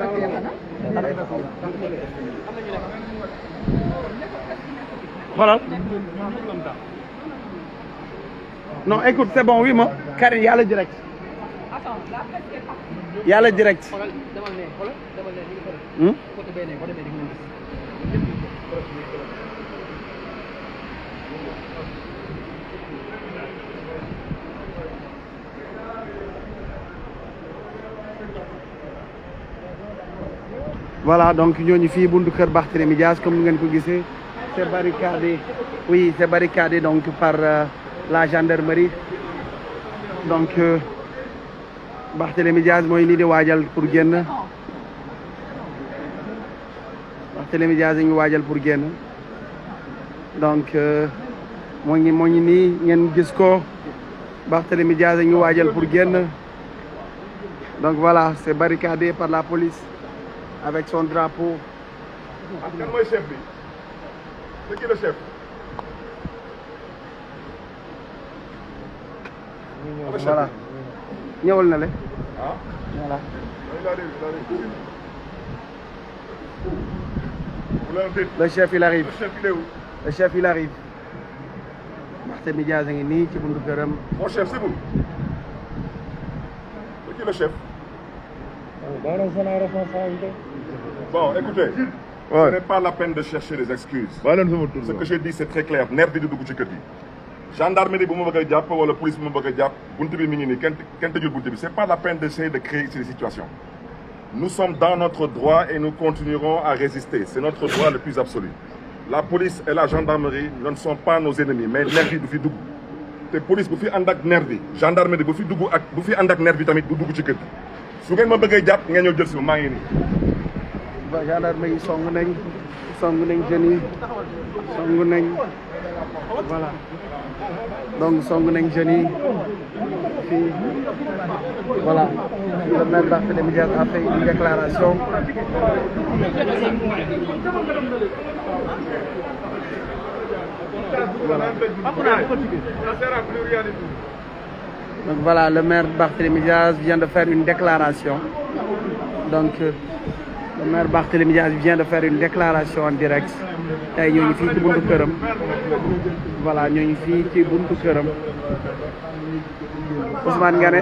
प्रक्रिया xoolal non écoute c'est bon oui ma Karim yàlla direct yàlla voilà donc ñooñu fii buntu kër Barthélémy Dias comme ni ngeen ko gisee c'est barricadé oui c'est barricadé donc par euh, la gendarmerie donc euh, Barthélémy Dias mooy nii di waajal pour génn Barthélémy Dias a waajal pour génn donc euh, moo ngi moo nii ngeen gis ko Barthélémy Dias a ngi waajal pour génn donc voilà c'est barricadé par la police avec son drapeau. ak kan mooy chef bi c'est qui le chef. voilà ñëwal na le. ah voilà. le chef il arrive. le chef il arrive. Barthélémy Dias a ngi nii ci buntu këram. mon chef c'est vous. c'est qui le chef. Bon, écoutez. Ouais. Ce n'est pas la peine de chercher des excuses. Ce que j'ai dit, c'est très clair. nerf bi du dugg ci kër gi. gendarmerie bu ma bëgg a jàpp wala police bu ma bëgg a jàpp bunt bi mi ngi nii kenn kenn tëjul bunt bi c'est pas la peine d'essayer de créer ici des situations. Nous sommes dans notre droit et nous continuerons à résister. C'est notre droit le plus absolu. La police et la gendarmerie ne sont pas nos ennemis mais nervi du fi dugg. te police bu fi ànd ak nervi gendarmerie bu fi dugg ak bu fi ànd ak nervi tamit du dugg ci kër gi. su ngeen ma bëggee jàpp ngeen ñëw jël si ma maa ngi nii. ba gendarme yi song nañ song nañ jeunes voilà donc song nañ jeunes yi fii voilà le maire Barthélémy a fait déclaration. voilà. Donc voilà, le maire Barthélémy Diaz vient de faire une déclaration. Donc, euh, le maire Barthélémy vient de faire une déclaration en direct. tey ñooñu fii ci buntu këram voilà ñooñu fii ci buntu këram Ousmane Ngane